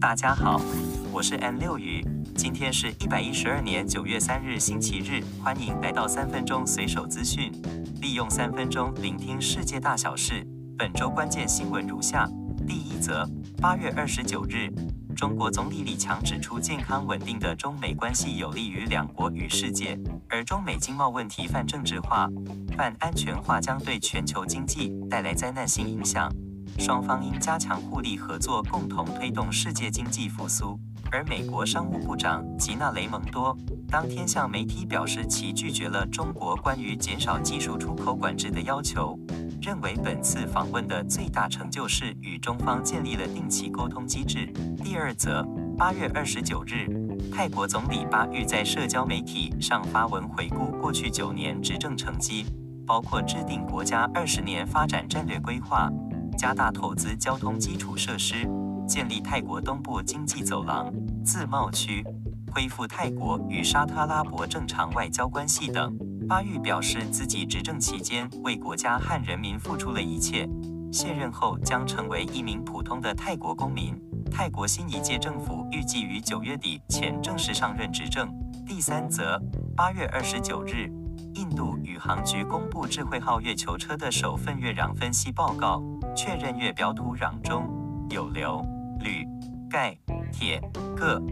大家好，我是 M 六雨，今天是一百一十二年九月三日，星期日，歡迎來到三分鐘隨手資訊，利用三分鐘聆聽世界大小事。本周關鍵新聞如下：第一則，八月二十九日，中國總理李強指出，健康穩定的中美關係有利於兩國與世界，而中美經貿問題泛政治化、泛安全化將對全球經濟帶來災難性影響。雙方應加強互利合作，共同推動世界經濟復蘇。而美國商務部長吉娜雷蒙多當天向媒體表示，其拒絕了中國關於減少技術出口管制的要求，認為本次訪問的最大成就是與中方建立了定期溝通機制。第二則，八月二十九日，泰國總理巴育在社交媒體上發文回顧過去九年執政成績，包括制定國家二十年發展戰略規劃。加大投資交通基礎設施，建立泰國東部經濟走廊自貿區，恢復泰國與沙特阿拉伯正常外交關係等。巴育表示，自己執政期間為國家和人民付出了一切，卸任後將成為一名普通的泰國公民。泰國新一屆政府預計於九月底前正式上任執政。第三則，八月二十九日，印度宇航局公布“智慧號”月球車的首份月壤分析報告。確認月表土壤中有硫、鋁、鈣、鐵、鉻、鈦、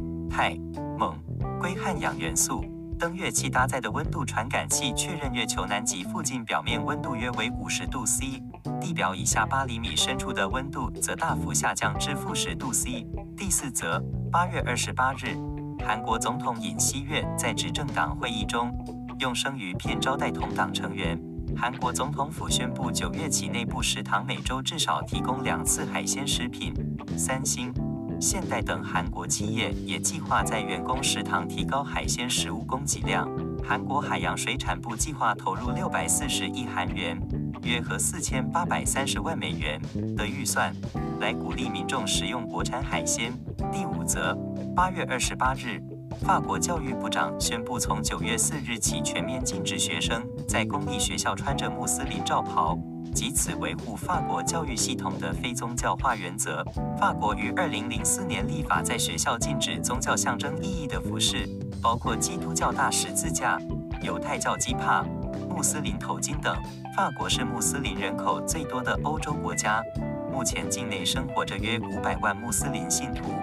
錳、硅和氧元素。登月器搭載的溫度傳感器確認月球南極附近表面溫度約為五十度 C，地表以下八厘米深處的溫度則大幅下降至負十度 C。第四則，八月二十八日，韓國總統尹錫悅在執政黨會議中用生魚片招待同黨成員。韓國總統府宣布，九月起內部食堂每週至少提供兩次海鮮食品。三星、現代等韓國企業也計劃在員工食堂提高海鮮食物供給量。韓國海洋水產部計劃投入六百四十億韓元（約合四千八百三十萬美元）的預算，來鼓勵民眾食用國產海鮮。第五則，八月二十八日，法國教育部長宣布，從九月四日起全面禁止學生。在公立學校穿着穆斯林罩袍，藉此維護法國教育系統的非宗教化原則。法國於二零零四年立法，在學校禁止宗教象徵意義的服飾，包括基督教大十字架、猶太教基帕、穆斯林頭巾等。法國是穆斯林人口最多的歐洲國家，目前境內生活着約五百萬穆斯林信徒，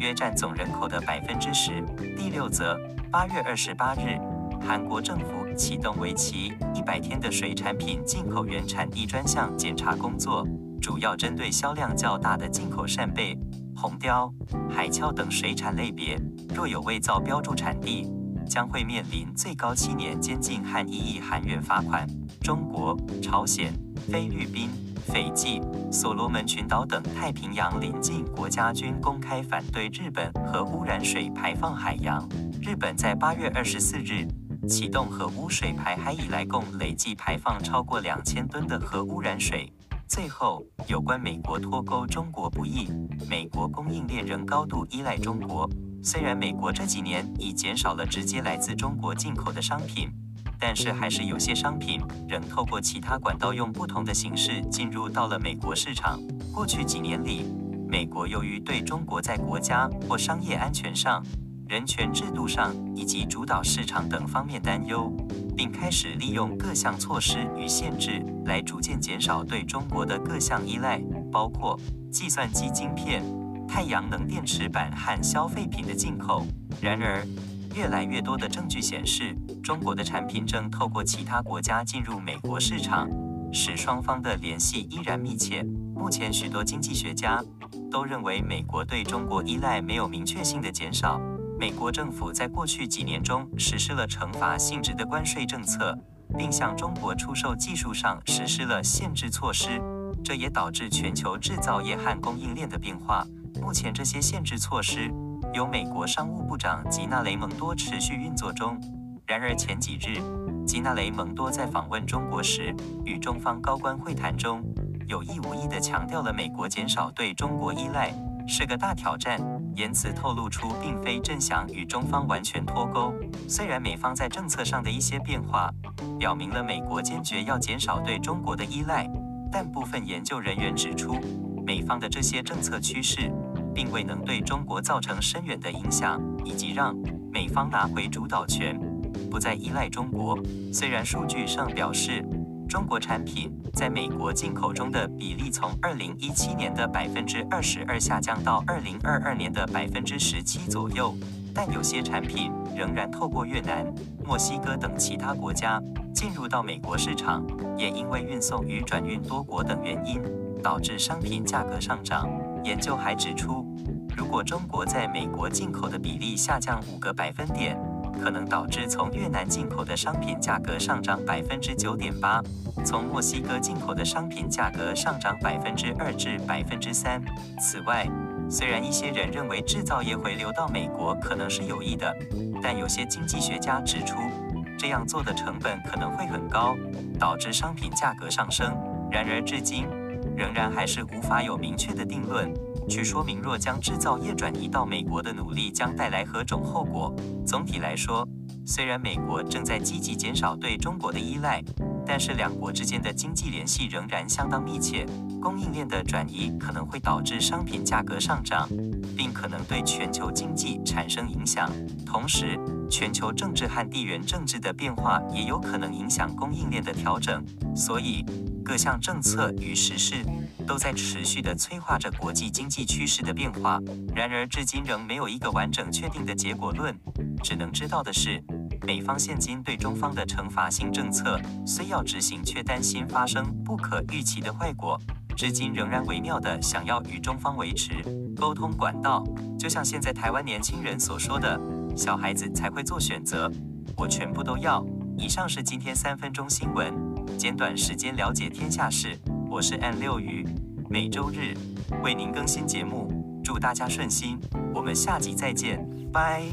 約佔總人口的百分之十。第六則，八月二十八日。韓國政府啟動為期一百天的水產品進口原產地專項檢查工作，主要針對銷量較大的進口扇貝、紅鯛、海鞘等水產類別。若有偽造標注產地，將會面臨最高七年監禁和一億韓元罰款。中國、朝鮮、菲律賓、斐濟、所羅門群島等太平洋鄰近國家均公開反對日本核污染水排放海洋。日本在八月二十四日。啟動核污水排海以來，共累計排放超過兩千噸的核污染水。最後，有關美國脫鈎中國不易，美國供應鏈仍高度依賴中國。雖然美國這幾年已減少了直接來自中國進口的商品，但是還是有些商品仍透過其他管道，用不同的形式進入到了美國市場。過去幾年裡，美國由於對中國在國家或商業安全上，人權制度上以及主導市場等方面擔憂，並開始利用各項措施與限制來逐漸減少對中國的各項依賴，包括計算機晶片、太陽能電池板和消費品的進口。然而，越來越多的證據顯示，中國的產品正透過其他國家進入美國市場，使雙方的聯繫依然密切。目前，許多經濟學家都認為，美國對中國依賴沒有明確性的減少。美國政府在過去幾年中實施了懲罰性質的關稅政策，並向中國出售技術上實施了限制措施，這也導致全球制造業和供應鏈的變化。目前，這些限制措施由美國商務部長吉娜雷蒙多持續運作中。然而，前幾日，吉娜雷蒙多在訪問中國時，與中方高官會談中，有意無意地強調了美國減少對中國依賴是個大挑戰。言辭透露出，並非真想與中方完全脫鈎。雖然美方在政策上的一些變化，表明了美國堅決要減少對中國的依賴，但部分研究人員指出，美方的這些政策趨勢，並未能對中國造成深遠的影響，以及讓美方拿回主導權，不再依賴中國。雖然數據上表示，中國產品在美國進口中的比例從2017年的百分之二十二下降到2022年的百分之十七左右，但有些產品仍然透過越南、墨西哥等其他國家進入到美國市場，也因為運送與轉運多國等原因，導致商品價格上漲。研究還指出，如果中國在美國進口的比例下降五個百分點，可能導致從越南進口的商品價格上漲百分之九點八，從墨西哥進口的商品價格上漲百分之二至百分之三。此外，雖然一些人認為制造業回流到美國可能是有益的，但有些經濟學家指出，這樣做的成本可能會很高，導致商品價格上升。然而，至今仍然還是無法有明確的定論。去說明，若將製造業轉移到美國的努力將帶來何種後果。總體來說，雖然美國正在積極減少對中國的依賴，但是兩國之間的經濟聯繫仍然相當密切，供應鏈的轉移可能會導致商品價格上漲，並可能對全球經濟產生影響。同時，全球政治和地緣政治的變化也有可能影響供應鏈的調整。所以，各項政策與時事都在持續地催化着國際經濟趨勢的變化。然而，至今仍沒有一個完整確定的結果論，只能知道的是。美方現今對中方的懲罰性政策雖要執行，卻擔心發生不可預期的壞果，至今仍然微妙地想要與中方維持溝通管道。就像現在台灣年輕人所說的：“小孩子才會做選擇，我全部都要。”以上是今天三分鐘新聞，簡短時間了解天下事。我是 M 六魚，每周日為您更新節目，祝大家順心，我們下集再見，拜。